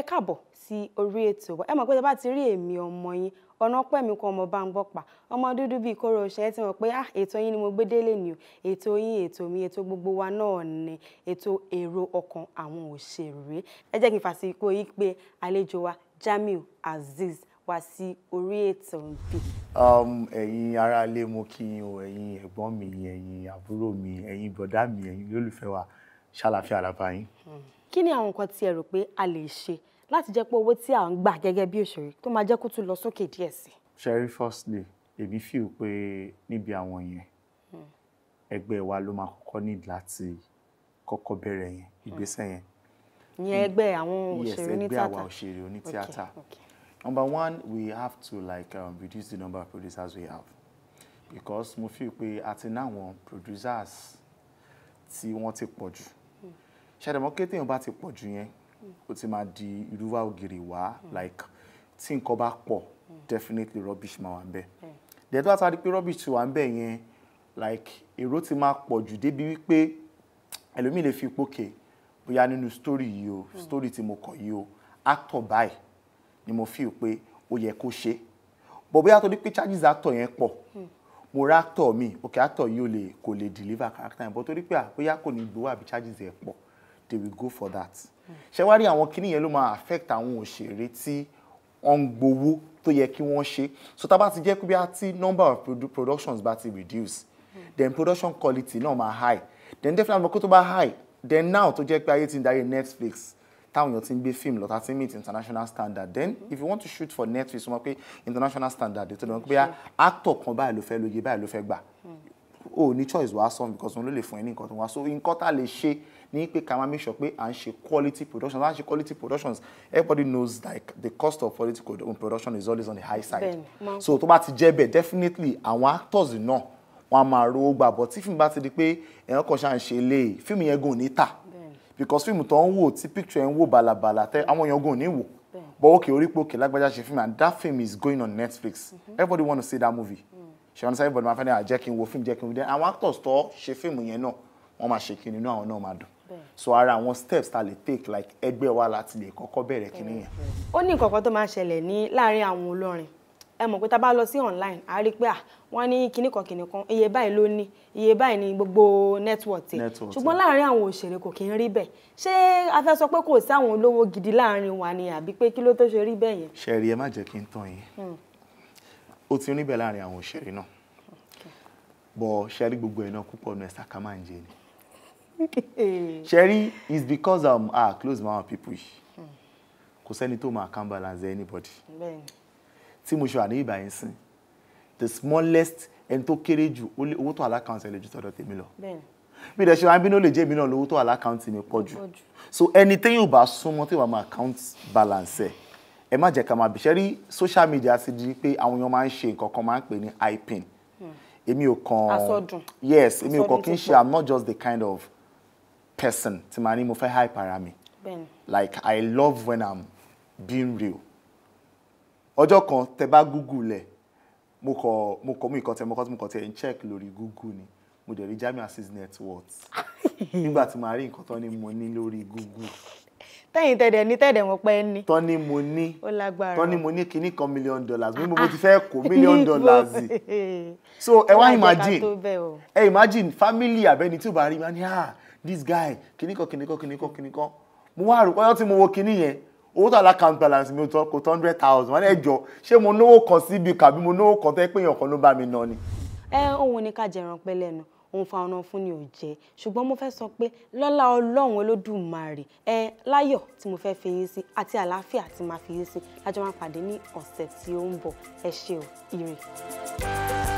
ẹ káàbọ̀ sí orí ètò ẹ mọ̀ pé tí a bá ti rí èmi ọmọ yín ọ̀nà pẹ́ mi kan ọmọ bá ń gbọ́ pa ọmọ dúdú bíi kóró ṣe é ti mọ̀ pé ah, ètò yín ni mo gbé délé ni o ètò yín ètò mi ètò gbogbo wa náà ni ètò èrò ọkàn àwọn òṣèré ẹ jẹ́ kí n fàsìkò yìí pé àlejò wa Jamiu Azeez wá sí orí ètò nbí. Um, ẹ̀yin aráalé mo kí yín o ẹ̀yin ẹ̀gbọ́n mi ẹ̀yin àbúrò mi ẹ̀yin bọ̀dá mi ẹ̀yin olólùfẹ́ wa ṣàlàfíà làbáyín kí ni àwọn nǹkan tí ẹ rò pé a lè ṣe láti jẹ́ pé owó tí à ń gbà gẹ́gẹ́ bí òṣèré tó máa jẹ́ kó tún lọ sókè díẹ̀ sí. sherry firstly èmi feel pé níbi àwọn yẹn hmm. ẹgbẹ́ wa ló máa kọ́kọ́ ní láti kọ́kọ́ bẹ̀rẹ̀ yẹn hmm. ìgbésẹ̀ yẹn. ìyẹn ẹgbẹ́ àwọn òṣèré onítíátà number one we have to like um, reduce the number of producers we have because mo feel pé àti náwọn producers tí wọ́n ti pọ̀ ṣàdẹ̀mọ́ kété èèyàn bá ti pọ̀ jù yẹn ó ti máa di irúwá ògiri wá like tí nǹkan bá pọ̀ definitely rubbish máa wà ń dẹ̀ hmm. tó àtàrí pé rubbish ti wà ń bẹ̀ yẹn like èrò ti máa pọ̀ jù débi wípé ẹlòmíì lè fi pókè bóyá nínú story yìí o hmm. story tí mo kọ yìí o actor báyìí ni mo fi pé ó yẹ kó ṣe bọ̀ bóyá tó di pé charges actor yẹn pọ̀ hmm. mo rá actor mi òkè actor yìí ò kò lè deliver character yẹn bọ̀ torí pé à ah, bóyá kò ní gbowó àbí charges yẹn pọ̀ they will go for that ṣé wá rí àwọn kinní yẹn ló máa affect àwọn òṣèré tí wọ́n ń gbowó tó yẹ kí wọ́n ṣe so tá a bá ti jẹ́ pé bí number of productions bá ti reduce then production quality náà máa high then definitely àwọn kó tó bá high then now tó jẹ́ pé ayé ti ń darí Netflix táwọn èèyàn ti ń gbé fíìmù lọ́tà ti meet international standard then mm-hmm. if you want to shoot for Netflix wọ́n mọ̀ pé international standard ètò ìdánwò pé actor kan báyìí ló fẹ́ lóye báyìí ló fẹ́ gbà o ò ní choice wàá sọ because òun ló lè fún ẹ ní nǹkan tó wá so nǹkan tá a lè ṣe ní pé ká máa make sure pé à ń ṣe quality productions à ń ṣe quality productions everybody knows like the cost of quality um, production is always on the high side ben, so tó bá ti jẹ́ bẹ́ẹ̀ definitely àwọn actors náà wọ́n á máa rówó gbà bọ́ tí fíìmù bá ti di pé ẹ̀yàn kan ṣáà ń ṣe lé fíìmù yẹn gùn ní tà because fíìmù tó ń wò tí picture ẹ̀ ń wò bàlàbàlà tẹ́ àwọn èèyàn gùn ní wò but òkè orí pé òkè lágbájá ṣe fíìmù and that film is going on Netflix mm -hmm. everybody wanna see that movie. Mm -hmm ṣe wọn sáré bọ̀dọ̀ máa fẹ́ ní àjẹ́ ah, kí n wo fíìmù jẹ́ kí n wo then àwọn actors tó ṣe fíìmù yẹn náà wọ́n máa ṣe kí nínú àwọn náà máa dùn so ara àwọn steps ta lè take like ẹgbẹ́ wa láti lè kọ́kọ́ bẹ̀rẹ̀ kí nìyẹn. ó ní nǹkan kan tó máa ṣẹlẹ̀ ní láàárín àwọn olórin ẹ mọ̀ pé tá a bá lọ sí online a rí i pé à ah, wọ́n ní kinní kan kinní kan iye báyìí ló ní iye báyìí ní gbogbo network tẹ̀ ṣùgbọ́n láàárín àwọn òṣèré kò kí ń rí bẹ́ẹ̀ ṣé a fẹ́ sọ pé kò sí àwọn olówó gidi láàárín wa ni àbí pé kí ló tó ṣe rí bẹ́ẹ̀ yẹn. ṣe rí ẹ má jẹ́ kí n tàn yín hmm ó ti rí bẹ́ẹ̀ láàrin àwọn òṣèré náà bọ̀ ṣẹ́rí gbogbo ẹ̀ náà púpọ̀ ní ẹ̀sà ká máa ń jẹ ni ṣẹ́rí is because um, ah close my people yìí kò sẹ́ni tó máa can balance anybody tí mo ṣe wà ní ìbàyẹn sìn the smallest ẹni tó kéré jù owó tó alákàntì ẹ lè ju tọ̀dọ̀ tèmi lọ bí ìdẹ̀ṣẹ̀ wa bínú lè jẹ́ èmi náà lówó tó alákàntì mi pọ̀ jù so ẹni téyàn ò bá súnmọ́ téyàn máa account balance ẹ̀ ẹ má jẹ́ ká máa bì sẹ́rí social media ti di pé àwọn èèyàn máa ń ṣe nǹkan kan máa ń pè ní hyping hmm. èmi ò kàn àsọdùn yes èmi ò kàn kí n ṣe i'm not just the kind of person tí màá ní mo fẹ́ hype ara mi like i love when i'm being real ọjọ́ kan tẹ bá google lẹ̀ mo kọ mo kọ mo ìkọ tẹ mo kọ tí mo kọ tẹ ń check lórí google ni mo dẹ̀ rí Jamiu Azeez networks. worth nígbà tí màá rí nǹkan tó ní mo ní lórí google tẹ́yìn tẹ́dẹ̀ ní tẹ́dẹ̀ wọn pẹ́ ní. tọ́ni mo ní tọ́ni mo ní kinní kan million dollars mi mo ti fẹ́ kó million dollars yìí so ẹ wá imagine ẹ imagine family abẹ́ni tí o bá rí ma ní ah this guy kinní kan kinní kan kinní kan kinní kan mo wá rò pọ́yọ́ tí mo wo kinní yẹn owó tó account balance mi tó kò hundred thousand wọn ẹ jọ ṣé mo náwó kan síbi kàbí mo náwó kan tẹ́ pé èèyàn kan ló bá mi ná ni. ẹ ohun ni ká jẹran pẹ́ lẹ́nu òun fa ọ̀nà fún ni ò jẹ́ ṣùgbọ́n mo fẹ́ sọ pé lọ́lá ọlọ́run olódùmarè ẹ láyọ̀ tí mo fẹ́ fi yín sí àti àlàáfíà tí máa fi yín sí lájọ́ máa pàdé ní ọ̀sẹ̀ tí ó ń bọ̀ ẹ ṣé o